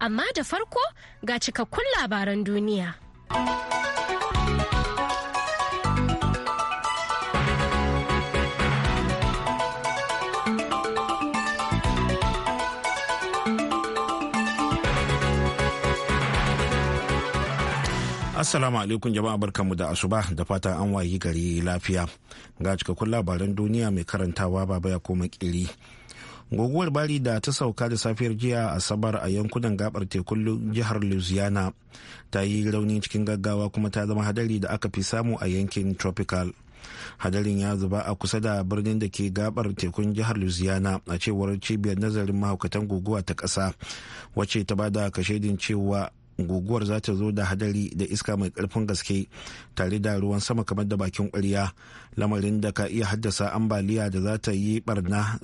amma da farko ga cikakkun labaran duniya. Assalamu alaikum jama'a barkanmu da asuba da fatan an wayi gari lafiya. Ga cikakkun labaran duniya mai karantawa baba ya koma kiri. guguwar bari da ta sauka da safiyar jiya asabar a yankunan gabar tekun jihar louisiana ta yi rauni cikin gaggawa kuma ta zama hadari da aka fi samu a yankin tropical hadarin ya zuba a kusa da birnin da ke gabar tekun jihar louisiana a cewar cibiyar nazarin mahaukatan guguwa ta ƙasa wacce ta bada kashedin cewa guguwar za ta zo da hadari da iska mai karfin gaske tare da ruwan sama kamar da bakin kwarya lamarin da ka iya haddasa ambaliya da za ta yi barna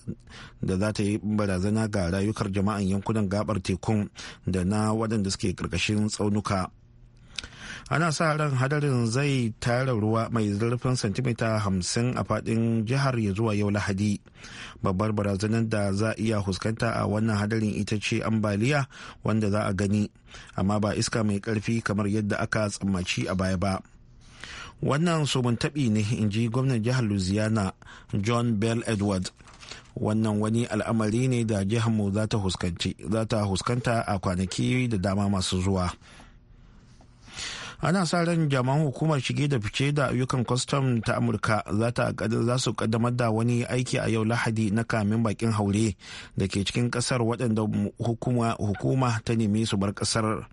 da za ta yi barazana ga rayukar jama'an yankunan gabar tekun da na waɗanda suke karkashin tsaunuka ana sa ran hadarin zai tara ruwa mai zurfin santimita hamsin a fadin jihar ya zuwa yau lahadi babbar barazanar da za a iya huskanta a wannan hadarin ita ce ambaliya wanda za a gani amma ba iska mai karfi kamar yadda aka tsammaci a baya ba wannan sobin taɓi ne in ji gwamnan jihar louisiana john bell edward wannan wani al'amari ne da jihar mu za ta huskanta a kwanaki da dama masu zuwa ana sa ran jaman hukumar shige da fice da ayyukan kwastam ta amurka za su kaddamar da wani aiki a yau lahadi na kamin bakin haure da ke cikin kasar waɗanda hukuma ta nemi su bar kasar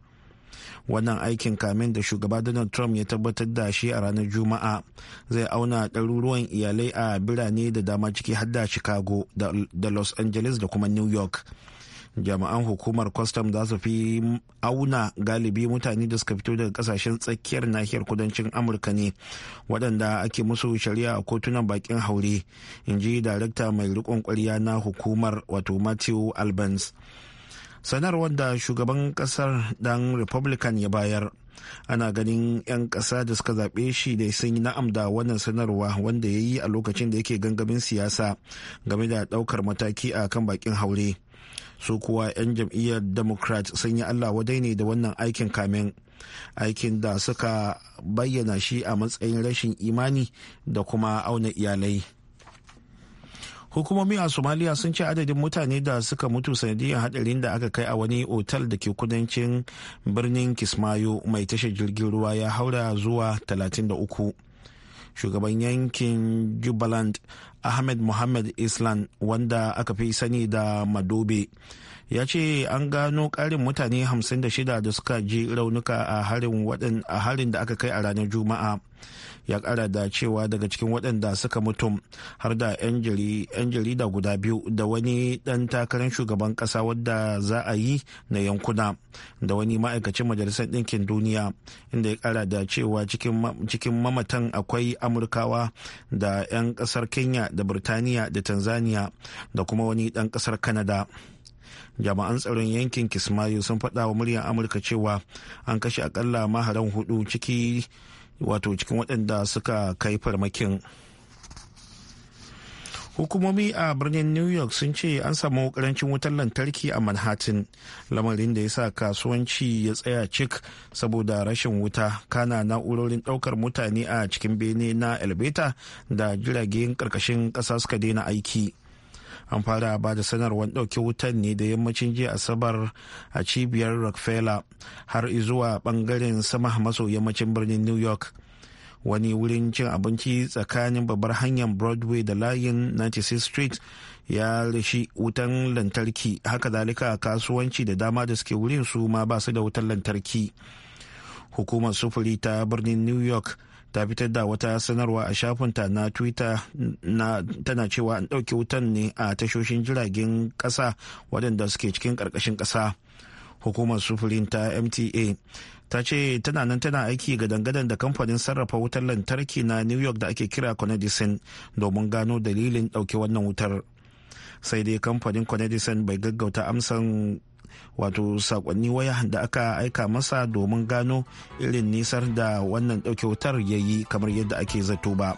wannan aikin kamin da shugaba donald trump ya tabbatar da shi a ranar juma'a zai auna ɗaruruwan iyalai a birane da dama ciki har da chicago da los angeles da kuma new york jami'an hukumar kwastam za su fi auna galibi mutane da suka fito daga kasashen tsakiyar nahiyar kudancin amurka ne waɗanda ake musu shari'a a kotunan bakin haure in ji darakta mai rikon ƙwarya na hukumar wato matthew albans sanarwar da shugaban kasar dan republican ya bayar ana ganin 'yan kasa da suka zaɓe shi da sun yi na'am da wannan sanarwa wanda ya yi a lokacin da yake gangamin siyasa game da ɗaukar mataki a kan bakin haure su kuwa 'yan jam'iyyar democrat sun yi allah wadai ne da wannan aikin kamin aikin da suka bayyana shi a matsayin rashin imani da kuma auna iyalai hukumomi a somaliya sun ce adadin mutane da suka mutu sanadiyar hadarin da aka kai a wani otal da ke kudancin birnin kismayo mai tashar jirgin ruwa ya haura zuwa 33 shugaban yankin jubaland ahmed mohamed islam wanda aka fi sani da madobe ya ce an gano karin mutane 56 da suka ji raunuka a harin da aka kai a ranar juma'a ya kara da cewa daga cikin waɗanda suka mutum har da 'yan jarida guda biyu da wani ɗan takarar shugaban ƙasa wadda za a yi na yankuna da wani ma'aikacin majalisar ɗinkin duniya inda ya kara da cewa cikin mamatan akwai amurkawa da 'yan ƙasar kenya da birtaniya da tanzania da kuma wani ɗan ƙasar canada jama'an tsaron yankin kismayo sun faɗa wa muryar amurka cewa an kashe akalla maharan hudu ciki wato cikin waɗanda suka kai farmakin hukumomi a birnin new york sun ce an samu karancin wutar lantarki a manhattan lamarin da ya sa kasuwanci ya tsaya cik saboda rashin wuta kana na'urorin daukar mutane a cikin bene na elbeta da jiragen karkashin kasa suka daina aiki an fara ba da sanarwar ɗauke wutan ne da yammacin jiya asabar a cibiyar rockefeller har zuwa bangaren sama maso yammacin birnin new york wani wurin cin abinci tsakanin babbar hanyar broadway da layin 96 street ya rishi wutan lantarki haka zalika kasuwanci da dama da suke wurin su ma ba su da wutan lantarki hukumar sufuri ta birnin new york ta fitar da wata sanarwa a shafinta na twitter na tana cewa an ɗauki wutan ne a tashoshin jiragen ƙasa waɗanda suke cikin ƙarƙashin ƙasa hukumar sufurin ta mta ta ce tana nan tana aiki ga dangadan da kamfanin sarrafa wutar lantarki na new york da ake kira conedison domin gano dalilin ɗauke wannan wutar sai dai kamfanin conedison bai gaggauta amsan wato sakonni waya da aka aika masa domin gano irin nisar da wannan ɗauke wutar ya yi kamar yadda ake zato ba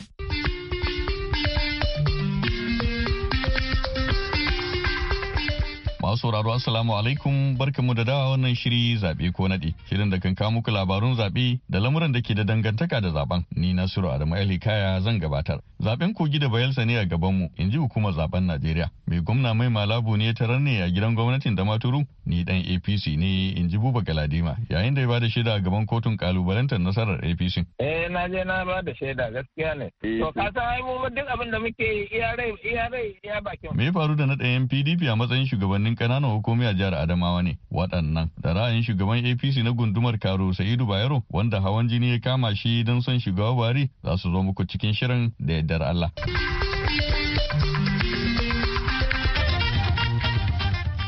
Masu sauraro Assalamu alaikum barkamu da dawa wannan shiri zabe ko naɗi. Shirin da kan kawo muku labarun zabe da lamuran da ke da dangantaka da zaben. Ni Nasiru Adamu Ali Kaya zan gabatar. Zaben kogi da bayelsa ne a gabanmu in ji hukumar zaben Najeriya. Mai gwamna mai malabu ne ta ne a gidan gwamnatin da maturu. Ni dan APC ne in ji Buba Galadima yayin da ya bada shaida a gaban kotun kalubalantar nasarar APC. Eh na je na bada shaida gaskiya ne. To ka san ai duk abin da muke iya rai iya rai iya bakin. Me ya faru da na ɗayan PDP a matsayin shugabannin kananan hukumi a jihar Adamawa ne waɗannan. Da ra'ayin shugaban APC na gundumar Karo Sa'idu Bayero wanda hawan jini ya kama shi don son shugaba Buhari za su zo muku cikin shirin da yardar Allah.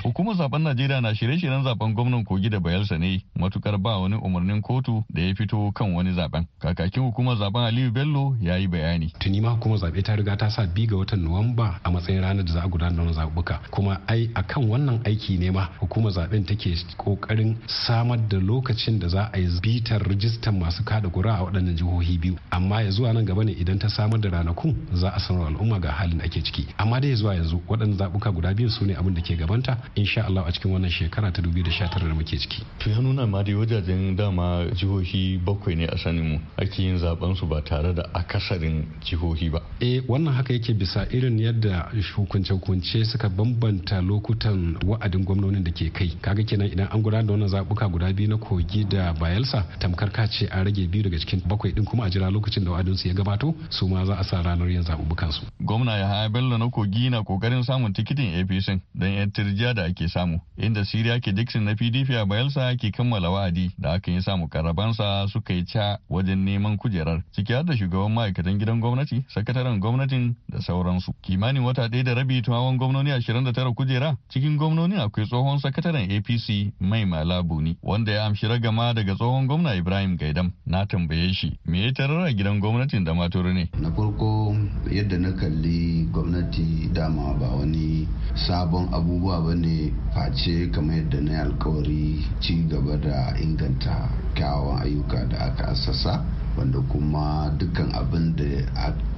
Hukumar zaben Najeriya na shirye-shiryen zaben gwamnan Kogi da Bayelsa ne matukar ba wani umarnin kotu da ya fito kan wani zaben. Kakakin hukumar zaben Aliyu Bello ya yi bayani. Tuni ma hukumar zaɓe ta riga ta sa bi ga watan Nuwamba a matsayin ranar da za a gudanar da zabuka Kuma ai a kan wannan aiki ne ma hukumar zaben take kokarin samar da lokacin da za a yi bitar rijistar masu kada kura a waɗannan jihohi biyu. Amma ya zuwa nan gaba ne idan ta samar da ranakun za a sanar al'umma ga halin da ake ciki. Amma dai zuwa yanzu waɗannan zabuka guda biyu su ne abin da ke gabanta insha Allah a cikin wannan shekara ta 2019 da muke ciki to ya nuna ma dai wajajen dama jihohi bakwai ne a sanin mu ake yin zaben su ba tare da akasarin jihohi ba eh wannan haka yake bisa irin yadda hukunce hukunce suka bambanta lokutan wa'adin gwamnonin da ke kai kaga kenan idan an gudanar da wannan zabuka guda biyu na kogi da bayelsa tamkar ka ce a rage biyu daga cikin bakwai din kuma a jira lokacin da wa'adin su ya gabato su ma za a sa ranar yin zabubukan su gwamna ya bello na kogi na kokarin samun tikitin apc don yan tirjiya da da ake samu inda siriya ke dixon na pdp a bayelsa ke kammala wa'adi da aka yi samu karabansa suka yi ca wajen neman kujerar ciki har da shugaban ma'aikatan gidan gwamnati sakataren gwamnatin da sauransu kimanin wata ɗaya da rabi tumawan gwamnoni ashirin da kujera cikin gwamnoni akwai tsohon sakataren apc mai malabuni wanda ya amshi ragama daga tsohon gwamna ibrahim gaidam na tambaye shi me ya tarar a gidan gwamnatin da maturu ne na farko yadda na kalli gwamnati dama ba wani sabon abubuwa ba ne face kamar yadda na alkawari ci gaba da inganta kyawawan ayyuka da aka assasa wanda kuma dukkan abin da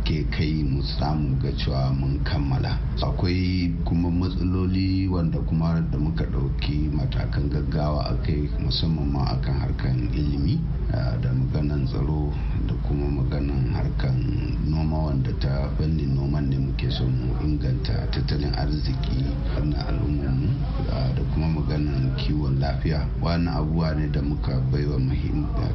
ke kai mu samu ga cewa mun kammala akwai kuma matsaloli wanda kuma da muka ɗauki matakan gaggawa a kai musamman ma kan harkan ilimi da maganan tsaro da kuma maganan harkan noma wanda ta fannin noman ne muke son mu inganta tattalin arziki na al'ummarmu da kuma maganan kiwon lafiya wani abubuwa ne da muka baiwa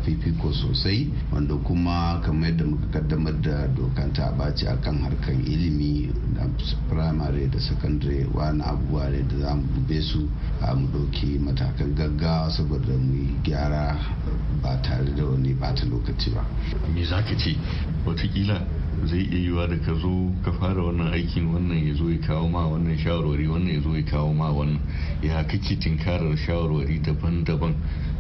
fifiko sosai wanda kuma kamar yadda muka kaddamar da dokanta ta ɓaci a kan harkar ilimi da firamare da sakandare wani abubuwa ne da za mu dube su a mu ɗauki matakan gaggawa saboda mu yi gyara ba tare da wani bata lokaci ba me za ka ce watakila zai iya yiwa da ka zo ka fara wannan aikin wannan ya zo ya kawo ma wannan shawarwari wannan ya zo ya kawo ma wannan ya kake tinkarar shawarwari daban-daban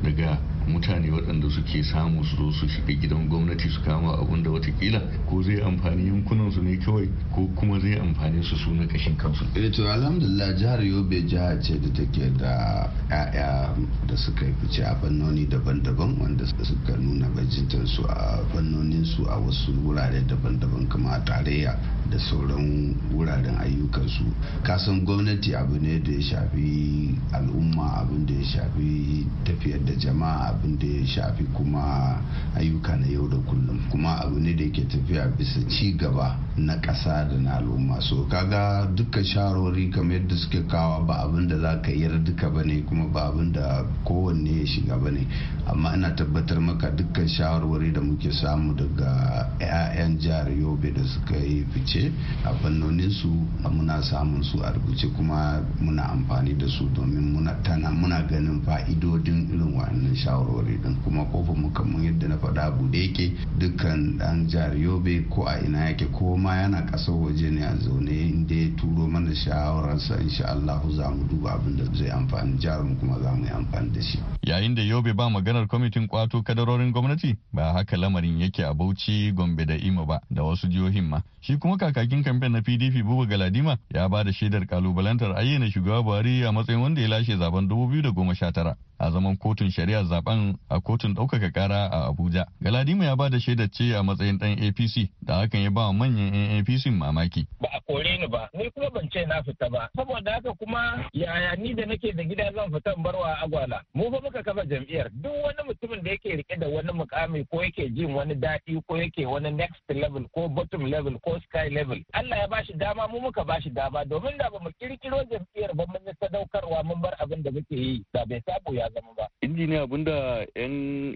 daga mutane waɗanda suke samu su zo su shiga gidan gwamnati su kama abun da watakila ko zai amfani yankunan ne kawai ko kuma zai amfani su su na kashin kansu. eh to alhamdulillah jihar yobe jiha ce da take da 'ya'ya da suka yi fice a fannoni daban-daban wanda suka nuna bajintar su a fannonin su a wasu wurare daban-daban kama tarayya da sauran wuraren ayyukan su kasan gwamnati abu ne da ya shafi al'umma abin da ya shafi tafiyar da jama'a abin da ya shafi kuma ayyuka na yau da kullum kuma abu ne da ke tafiya bisa ci gaba na ƙasa da na al'umma so kaga dukkan shawarwari kamar yadda suke kawo ba abin da za ka yar duka ba ne kuma ba abin da kowanne ya shiga ba ne amma ina tabbatar maka dukkan shawarwari da muke samu daga 'ya'yan jihar yobe da suka yi fice a fannonin su muna samun su a rubuce kuma muna amfani da su domin muna tana muna ganin fa'idodin irin wannan shawarwari din kuma kofin mu kamar yadda na faɗa bude yake dukkan ɗan jihar yobe ko a ina yake ko ma ma yana kasar waje ne a zaune inda ya turo mana shawararsa insha Allah za mu duba abin da zai amfani jihar kuma za mu yi amfani da shi yayin da yobe ba maganar kwamitin kwato kadarorin gwamnati ba haka lamarin yake a Bauchi Gombe da Imo ba da wasu jihohin ma shi kuma kakakin kamfen na PDP Buba Galadima ya ba da shaidar kalubalantar ayyana shugaba Buhari a matsayin wanda ya lashe zaben dubu da goma sha tara. a zaman kotun shari'ar zaben a kotun ɗaukaka ƙara a Abuja. Galadima ya bada da ce a matsayin ɗan APC da hakan ya ba manyan 'yan APC mamaki. Ba a kore ni ba, ni kuma ban ce na fita ba. Saboda haka kuma yaya ni da nake da gida zan fita barwa agwala. Mu fa muka kafa jam'iyyar duk wani mutumin da yake rike da wani mukami ko yake jin wani daɗi ko yake wani next level ko bottom level ko sky level. Allah ya bashi dama mu muka bashi dama domin da ba mu kirkiro jam'iyyar ba mun sadaukarwa mun bar abin da muke yi da bai sabo ya zama ba. Injiniya da 'yan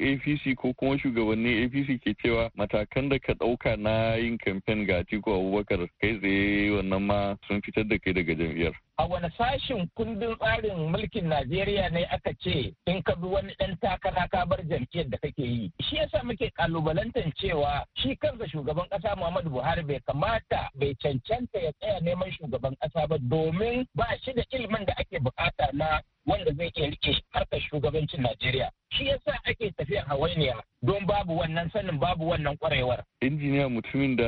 APC ko kuma shugabannin APC ke cewa matakan da ka ɗauka na yin kamfen ga Atiku Abubakar kai tsaye wannan ma sun fitar da kai daga jam'iyyar. A wani sashin kundin tsarin mulkin Najeriya ne aka ce in ka bi wani ɗan takara ka bar jam'iyyar da kake yi. Shi yasa muke kalubalantan cewa shi kansa shugaban ƙasa Muhammadu Buhari bai kamata bai cancanta ya tsaya neman shugaban ƙasa ba domin ba shi da ilimin da ake bukata na wanda zai iya rike harkar shugabancin Najeriya. shi yasa ake tafiyar hawainiya don babu wannan sanin babu wannan kwarewar. injiniya mutumin da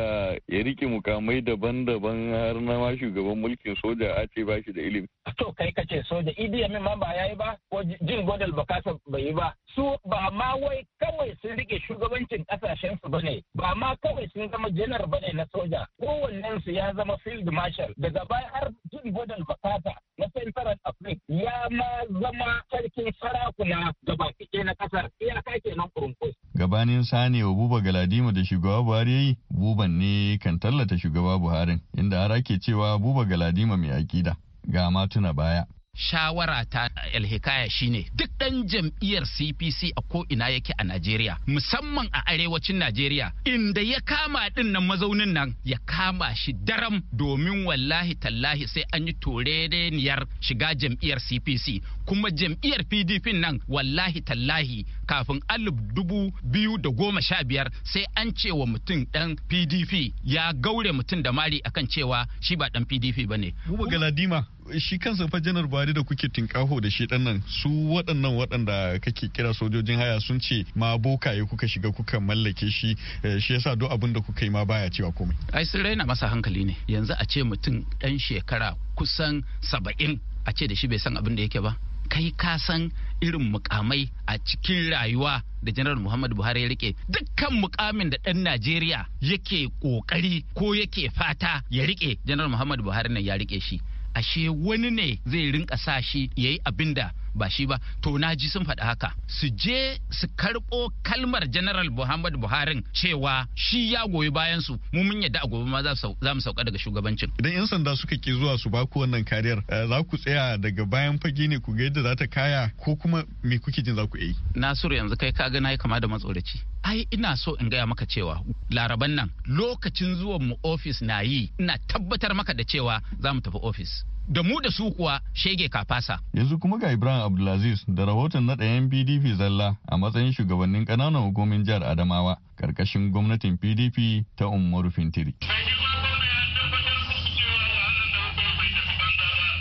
ya rike mukamai daban-daban har na ma shugaban mulkin soja a ce bashi da ilimi. to kai ka ce soja idi ya ma ba yayi ba ko jin godal bakasa bai yi ba su ba ma wai kawai sun rike shugabancin kasashen su bane ba ma kawai sun zama janar bane na soja kowannen su ya zama field marshal daga baya har jin godal bakasa na central africa ya ma zama sarkin sarakuna gaba ce na kasar iyaka kenan kurunkus. Gabanin Sani wa Buba Galadima da shugaba Buhari yayi Buban ne kan tallata shugaba Buharin inda har ake cewa Buba Galadima mai akida ga matuna baya. shawara ta alhikaya shine duk ɗan jam'iyyar cpc a ko ina yake a najeriya musamman a arewacin najeriya inda ya kama ɗin nan mazaunin nan ya kama shi daram domin wallahi tallahi sai an yi toreniyar shiga jam'iyyar cpc kuma jam'iyyar pdp nan wallahi tallahi kafin alif dubu biyu da goma sha biyar sai an ce wa mutum ɗan pdp ya gaure mutum da mari akan cewa shi ba ɗan pdp ba ne. Galadima. shi kansa fa janar buhari da kuke tinkaho da shi nan su waɗannan waɗanda kake kira sojojin haya sun ce ma ya kuka shiga kuka mallake shi eh, shi yasa duk abin da kuka yi ma baya cewa komai ai sun raina masa hankali ne yanzu a ce mutum ɗan shekara kusan saba'in a ce da shi bai san abin da yake ba kai ka san irin mukamai a cikin rayuwa da janar muhammad buhari ya rike dukkan mukamin da ɗan najeriya yake ƙoƙari ko yake fata ya rike janar muhammad buhari nan ya rike shi ashe wani ne zai rinka sa shi yayi abinda ba shi ba to na ji sun faɗi haka su je su karɓo kalmar general muhammad buharin cewa shi ya goyi bayan su mu mun yadda a gobe ma za mu sauka daga shugabancin idan yan sanda suka ki zuwa su baku wannan kariyar eh, za ku tsaya daga bayan fage ne ku ga yadda za ta kaya ko kuma me kuke jin za ku yi nasiru yanzu kai ka ga na yi kama da matsoraci ai ina so in gaya maka cewa laraban nan lokacin zuwan mu ofis na yi ina tabbatar maka da cewa za mu tafi ofis da mu da su kuwa shege kafasa. Yanzu kuma ga Ibrahim Abdulaziz da rahoton na ɗayan PDP zalla a matsayin shugabannin ƙananan hukumin jihar Adamawa ƙarƙashin gwamnatin PDP ta Umaru Fintiri.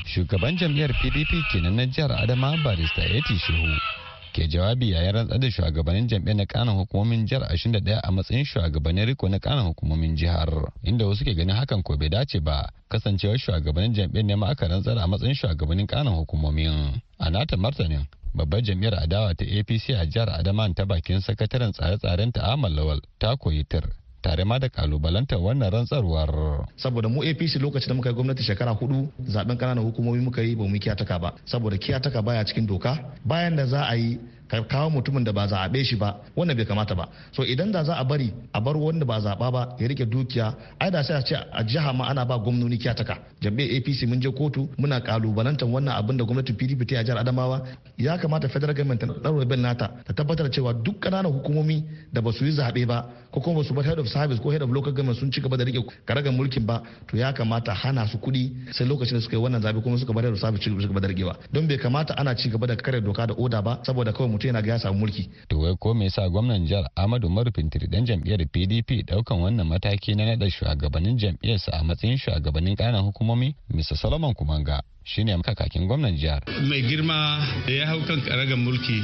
Shugaban jam'iyyar PDP kenan na jihar Adama Barista Eti Shehu ke jawabi yayin rantsar da shugabannin jam'iyyar na kanan hukumomin jihar 21 a matsayin shugabannin riko na kanan hukumomin jihar inda wasu ke ganin hakan ko bai dace ba kasancewar shugabannin jam'iyyar ne ma aka rantsar a matsayin shugabannin kanan hukumomin a nata martanin babbar Jami'ar adawa ta apc a jihar adaman ta bakin sakataren tsare-tsaren ta amal lawal ta koyi tir tare ma da kalubalantar wannan rantsarwar. Saboda mu APC lokacin da muka yi gwamnati shekara hudu zaben kananan hukumomi muka yi ba mu kiyataka ba saboda kiyataka baya cikin doka bayan da za a yi ka kawo mutumin da ba zaɓe shi ba wannan bai kamata ba so idan da za a bari a bar wanda ba zaɓa ba ya rike dukiya ai da sai a ce a jiha ma ana ba gwamnoni kyataka jami'ai apc mun je kotu muna kalubalantar wannan abin da gwamnatin pdp ta jihar adamawa ya kamata federal government ta ɗaura bin nata ta tabbatar cewa duk ƙananan hukumomi da ba su yi zaɓe ba ko kuma ba su bar head of service ko head of local government sun ci gaba da rike karagar mulkin ba to ya kamata hana su kuɗi sai lokacin da suka yi wannan zaɓe kuma suka bar head of service ci gaba da rikewa don bai kamata ana ci gaba da kare doka da oda ba saboda kawai mutum yana ga ya samu mulki. To wai ko me yasa gwamnan jihar Ahmadu marufin Fintiri dan jam'iyyar PDP ɗaukan wannan mataki na naɗa shugabannin jam'iyyarsa a matsayin shugabannin ƙananan hukumomi Mr. Solomon Kumanga shine kakakin gwamnan jihar. Mai girma da ya hau kan karagar mulki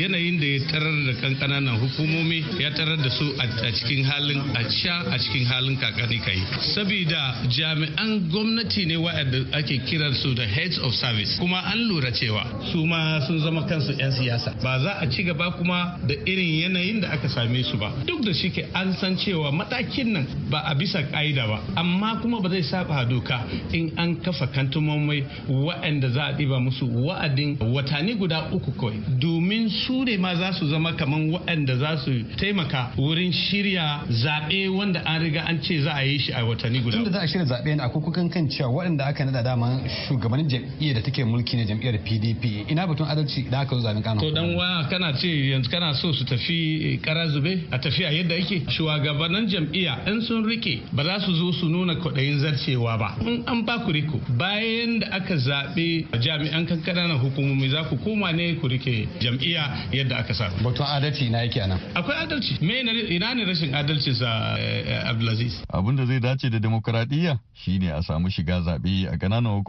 yanayin da ya tarar da kan kananan hukumomi ya tarar da su a cikin halin a sha a cikin halin kakani kai. Sabida jami'an gwamnati ne wa'adda ake kiran su da heads of service kuma an lura cewa su ma sun zama kansu 'yan siyasa ba za a ci gaba kuma da irin yanayin da aka same su ba duk da shike an san cewa matakin nan ba a bisa ka'ida ba amma kuma ba zai saba doka in an kafa kantumomai waɗanda za a ɗiba musu wa'adin watanni guda uku kawai domin su ne ma za su zama kamar waɗanda za su taimaka wurin shirya zaɓe wanda an riga an ce za a yi shi a watanni guda. Tunda za a shirya zaɓe ne akwai kukan kan cewa waɗanda aka naɗa dama shugabannin jam'iyyar da take mulki ne jam'iyyar PDP ina batun adalci da aka zo zaɓen Kano. To dan waya kana ce yanzu kana so su tafi kara zube a tafiya yadda ake shugabannin jam'iyya in sun rike ba za su zo su nuna kwaɗayin zarcewa ba. In an ba ku riko bayan da aka zaɓe jami'an kankana na hukumomi za ku koma ne ku rike jam'iyya yadda aka sa. Batun adalci na yake nan. Akwai adalci. Me ina ne rashin adalci sa eh, eh, Abdulaziz? Abin da zai dace da demokuraɗiyya shine a samu shiga zaɓe a ƙananan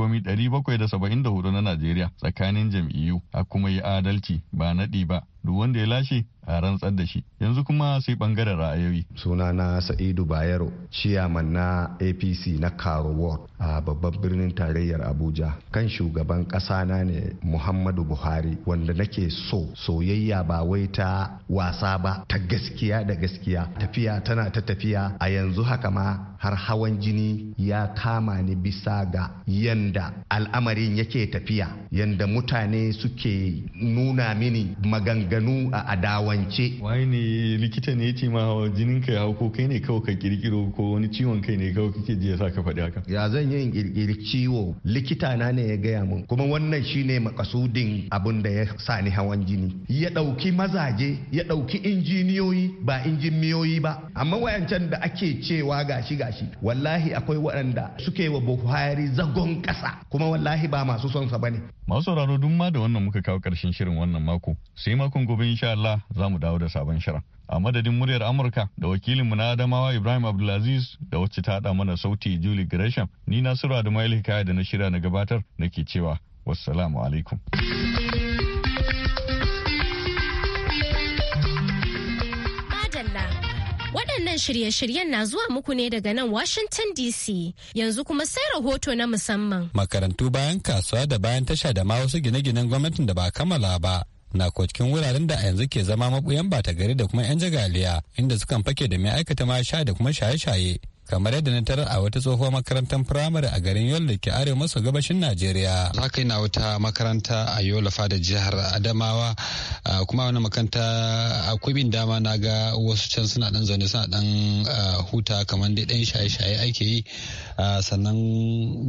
da hudu na Najeriya tsakanin jam'iyyu a kuma yi adalci ba naɗi ba duk wanda ya lashe a rantsar da shi yanzu kuma sai bangaren ra'ayoyi sunana sa'idu bayero ciyaman na apc na karo ward a babban birnin tarayyar abuja kan shugaban ƙasa na ne muhammadu buhari wanda nake so soyayya ba wai ta wasa ba ta gaskiya da gaskiya tafiya tana ta tafiya a yanzu haka ma har hawan jini ya kama ni bisa ga yanda al'amarin yake tafiya yanda mutane suke nuna mini maganganu a adawance wai ne likita ne ce ma hawan jinin ka ya hau kai ne kawai ka kirkiro ko wani ciwon kai ne kawai kake ji ya ka faɗi haka ya zan yin kirkiri ciwo likita na ne ya gaya mun kuma wannan shine makasudin abun da ya sa ni hawan jini ya ɗauki mazaje ya ɗauki injiniyoyi ba injiniyoyi ba amma wayancan da ake cewa gashi ga shi wallahi akwai waɗanda suke wa buhari zagon ƙasa kuma wallahi ba masu son sa bane masu sauraro duk ma da wannan muka kawo karshen shirin wannan mako sai makon gobe insha Allah za mu dawo da sabon shirin a madadin muryar Amurka da wakilin mu na Adamawa Ibrahim Abdulaziz da wacce ta haɗa mana sauti Julie Gresham ni Nasiru Adamu Hikaya da na shirya na gabatar ke cewa wassalamu alaikum. Waɗannan shirye-shiryen na zuwa muku ne daga nan Washington DC yanzu kuma sai rahoto na musamman. Makarantu bayan kasuwa da bayan tasha da ma wasu gine-ginen gwamnatin da ba kammala ba. na cikin wuraren da a yanzu ke zama mabuyan bata gari da kuma 'yan jagaliya inda sukan fake da mai aikata ma sha da kuma shaye-shaye kamar yadda na tarar a wata tsohuwar makarantar firamare a garin yola ke arewa maso gabashin najeriya haka yana wata makaranta a yola fada jihar adamawa kuma wani makaranta akwai bin dama na ga wasu can suna dan zaune suna dan huta kamar dai dan shaye-shaye ake yi sannan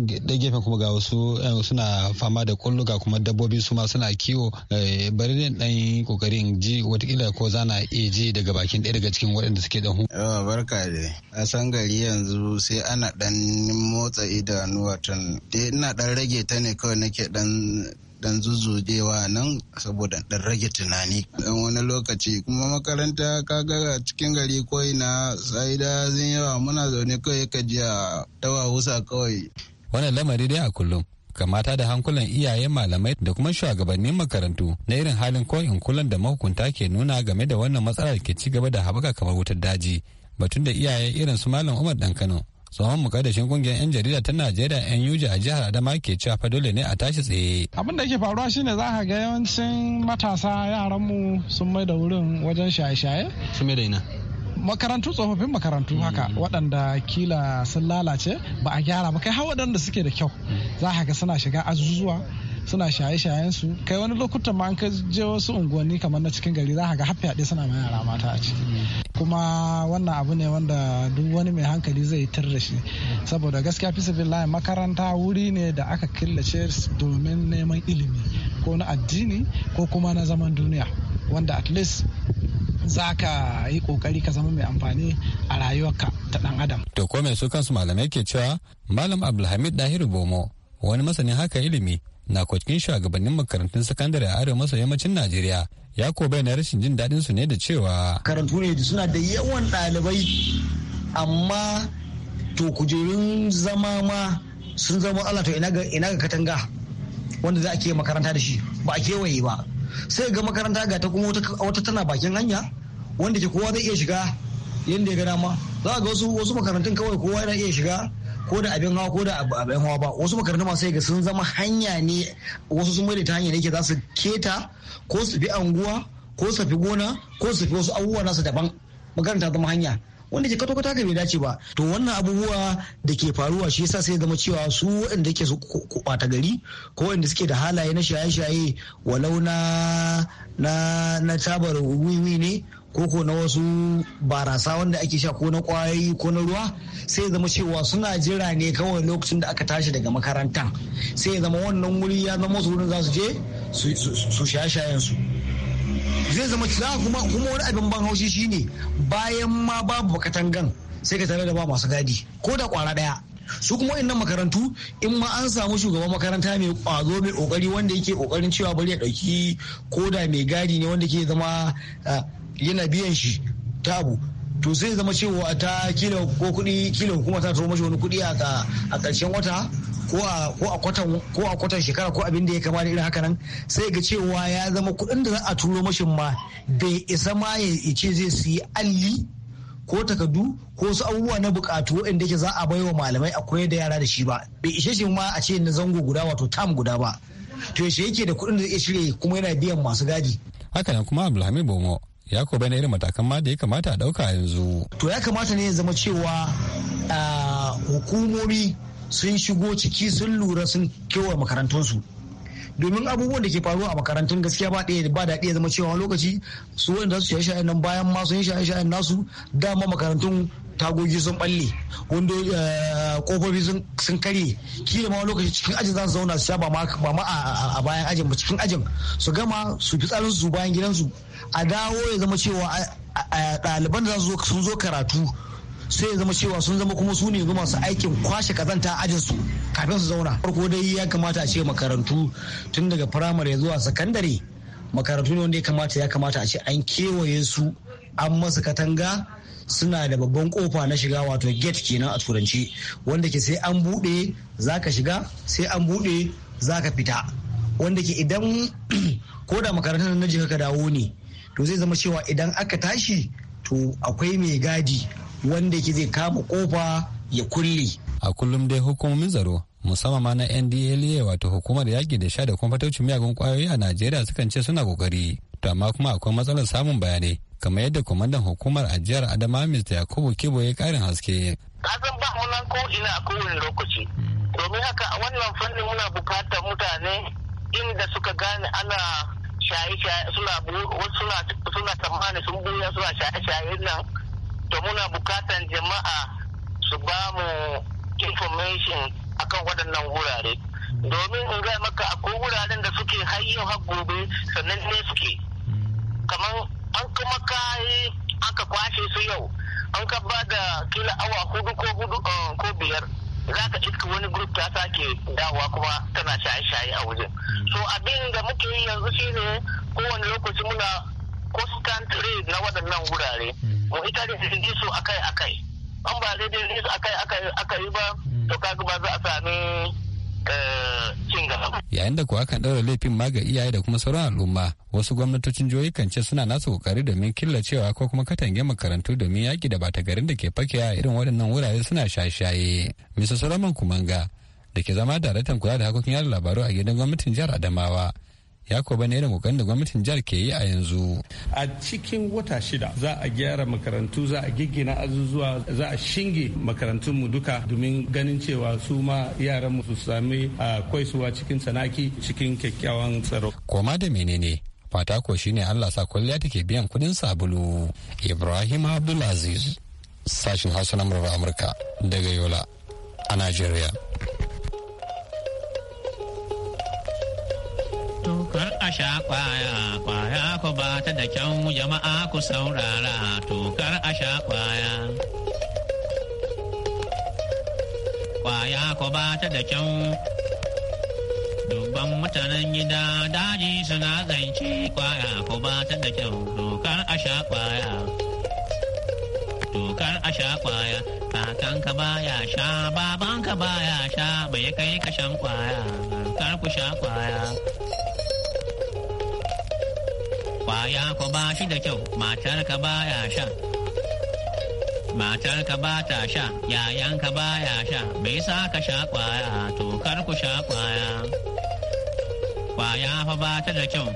da gefen kuma ga wasu suna fama da kulluga kuma dabbobi su ma suna kiwo bari ne dan kokarin ji watakila ko zana iya ji daga bakin daya daga cikin waɗanda suke da hu. barka dai a san gari yanzu sai ana dan motsa idanu watan ina dan rage ta ne kawai nake dan dan zuzujewa nan saboda dan rage tunani dan wani lokaci kuma makaranta kaga cikin gari ko ina sai da zan yawa muna zaune kawai ka ji a tawa kawai wannan lamari dai a kullum kamata da hankulan iyaye malamai da kuma shugabannin makarantu na irin halin ko in kulan da mahukunta ke nuna game da wannan matsalar ke ci gaba da haɓaka kamar wutar daji batun da iyaye irin su malam umar dan kano tsohon mukaddashin kungiyar 'yan jarida ta najeriya 'yan yuja a jihar adama ke cewa fa dole ne a tashi tsaye abin da ke faruwa shine za ka ga yawancin matasa yaranmu sun mai da wurin wajen shaye-shaye sun mai da ina makarantu tsofaffin makarantu haka mm. waɗanda kila sun lalace ba a gyara ba kai har waɗanda suke da kyau mm. za ka ga suna shiga azuzuwa suna shaye-shayen su kai wani lokutan ma an ka je wasu unguwanni kamar na cikin gari za ka ga har haɗe suna ma yara mata a ciki kuma wannan abu ne wanda duk wani mai hankali zai tar da shi saboda gaskiya fi layin makaranta wuri ne da aka killace domin neman ilimi ko na addini ko kuma na zaman duniya wanda at least za ka yi kokari ka zama mai amfani a rayuwarka ta dan adam. To ko mai su kansu malamai ke cewa Malam Abdulhamid Dahiru Bomo wani masanin haka ilimi na kwakin shugabannin makarantun sakandare a arewa maso yammacin najeriya ya ko bayyana rashin jin daɗin su ne da cewa karantu ne suna da yawan ɗalibai amma to kujerun zama ma sun zama allah to ina ga katanga wanda za a ke makaranta da shi ba a kewaye ba sai ga makaranta ga ta kuma wata tana bakin hanya wanda ke kowa zai iya shiga yadda ya ga dama za a ga wasu wasu makarantun kawai kowa yana iya shiga ko da abin hawa ko da abin hawa ba wasu makarantu masu sai sun zama hanya ne wasu sun maida ta hanya ne ke za su keta ko su bi anguwa ko su fi gona ko su fi wasu abubuwa nasu daban makaranta zama hanya wanda ke kwata kwata bai dace ba to wannan abubuwa da ke faruwa shi yasa sai zama cewa su waɗanda ke su kwata gari ko waɗanda suke da halaye na shaye-shaye walau na na tabar wiwi ne Ko ko na wasu barasa wanda ake sha ko na kwayoyi ko na ruwa sai zama cewa suna jira ne kawai lokacin da aka tashi daga makarantan sai zama wannan wuri ya zama su wurin za su je su shaye-shayen su zai zama za kuma kuma wani abin ban haushi shine bayan ma babu katangan sai ka tare da ba masu gadi ko da kwara daya su kuma innan makarantu in ma an samu shugaban makaranta mai kwazo mai kokari wanda yake kokarin cewa bari ya dauki koda mai gadi ne wanda ke zama eh, yana biyan shi ta abu. to sai zama cewa ta kila ko kuɗi kila hukuma ta turo mashi wani kuɗi a ƙarshen wata ko a kwatan shekara ko abin da ya kama da irin haka sai ga cewa ya zama kuɗin da za a turo mashi ma bai isa ma ya ce zai siyi alli ko takardu ko su abubuwa na bukatu inda ke za a bai wa malamai a koyar da yara da shi ba bai ishe shi ma a ce na zango guda wato tam guda ba to yake da kuɗin da zai shirya kuma yana biyan masu gadi haka nan kuma abdulhamid bomo ya ko bayan irin matakan ma da ya kamata a ɗauka yanzu. To ya kamata ne ya zama cewa hukumomi sun shigo ciki sun lura sun kewa makarantunsu. domin abubuwan da ke faruwa a makarantun gaskiya ba da ba da ya zama cewa lokaci su wanda su shaye shayen nan bayan ma sun shaye shayen nasu dama makarantun tagogi sun balle wanda eh, kofofi sun kare kila ma lokaci cikin ajin za su zauna su sha ba ma a bayan ajin ba cikin ajin su gama su fi tsarin su bayan gidansu a dawo ya zama cewa ɗaliban da sun zo karatu sai ya zama cewa sun zama kuma su ne masu aikin kwashe kazanta ajin su kafin su zauna farko dai ya kamata a ce makarantu tun daga firamare zuwa sakandare makarantu ne wanda ya kamata ya kamata a ce an kewaye su an masa katanga suna da babban kofa na shiga wato gate kenan a turanci wanda ke sai an buɗe za ka shiga sai an buɗe za ka fita wanda ke idan ko da makarantar na jika ka dawo ne to zai zama cewa idan aka tashi to akwai mai gadi wanda ke zai kama kofa ya kulle a kullum dai hukumomin tsaro musamman ma na ndla wato hukumar yaƙi da sha da kuma fataucin miyagun kwayoyi a najeriya sukan ce suna kokari to amma kuma akwai matsalar samun bayanai kamar yadda kwamandan hukumar a jihar adama mr yakubu kibo ya karin haske kasan ba mu nan ko ina a kowane lokaci domin haka a wannan fannin muna bukatar mutane inda suka gane ana shaye-shaye suna suna suna tsammani sun buya suna shaye-shaye nan to muna bukatan jama'a su ba mu information akan waɗannan wurare domin in ga maka akwai wuraren da suke hayyau har gobe sannan ne suke kamar an kuma kayi aka kwashe su yau an ka ba da kila awa hudu ko hudu eh, ko biyar za ka iska wani grup ta sake dawa kuma tana shaye-shaye a wajen hmm. so abin da muke yi yanzu shine kowane lokaci muna constant raid na waɗannan wurare hmm. mu ita da su akai-akai an ba daidai su akai-akai aka ba hmm. to kaga ba za a sami yayin da kuwa kan ɗaura laifin ma ga iyaye da kuma sauran al'umma wasu gwamnatocin jihohi kan ce suna nasu kokari domin killacewa ko kuma katange makarantu domin yaƙi da bata garin da ke fakewa irin waɗannan wurare suna shashaye shaye mr solomon kumanga da ke zama daraktan kula da hakokin yada labaru a gidan gwamnatin jihar adamawa ya kuwa bane irin kokarin da gwamnatin jihar ke yi a yanzu a cikin wata shida za a gyara makarantu za a giggina azuzuwa za a shinge makarantun mu duka domin ganin cewa su ma yaran mu su sami kwaisuwa cikin tsanaki cikin kyakkyawan tsaro koma da menene fata ko shine Allah sa kwalliya take biyan kudin sabulu Ibrahim Abdulaziz sashin Hausa na Amurka daga Yola a Najeriya sha kwaya kwaya ku ba ta da kyau jama'a ku saurara tokar a sha kwaya kwaya ku ba ta da kyau dubban mutanen gida daji suna zance kwaya ku ba ta da kyau tokar a sha kwaya tokar a sha kwaya kakanka baya sha babanka baya sha bai kai kashan kwaya kar ku sha kwaya kwaya ku ba shi da kyau matar ka baya sha matar ka ba ta sha yayan ka baya sha bai sa ka sha kwaya to kar ku sha kwaya kwaya fa ba ta da kyau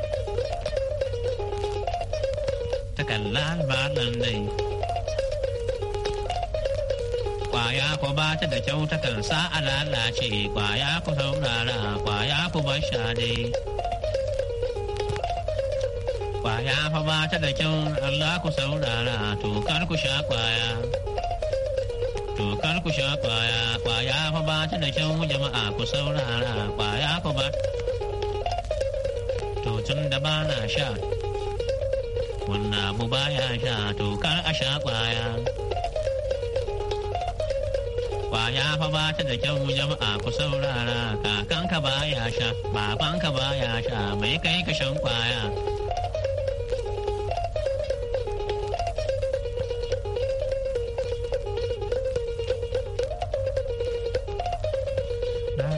ta kalla nan dai kwaya ku ba ta da kyau ta kan sa alalace kwaya ku saurara kwaya ku bar sha dai shafa fa ba ta da kyau Allah ku saurara to kar ku sha kwaya. To kar ku sha kwaya kwaya fa ba ta da kyau jama'a ku saurara kwaya ku ba. To tun da ba na sha wannan abu ba ya sha to kar a sha kwaya. Kwaya fa ba ta da kyau jama'a ku saurara kakanka ba ya sha babanka ba ya sha mai kai ka shan kwaya.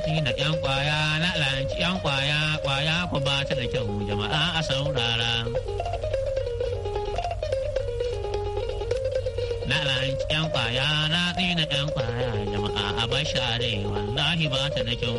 fashi da yan kwaya yan kwaya kwaya ku ba ta da kyau jama'a a saurara. Lalaci yan kwaya na tsina yan kwaya jama'a a bashi rai wallahi ba ta da kyau.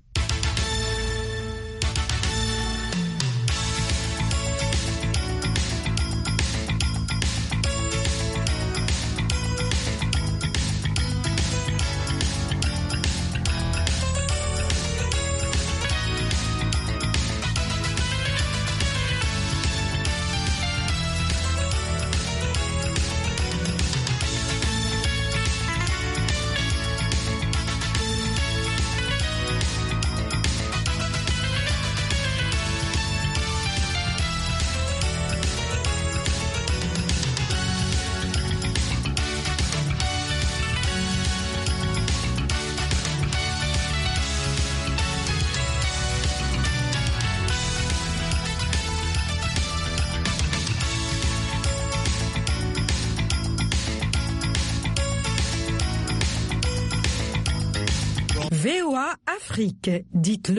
Afrique, dites-le.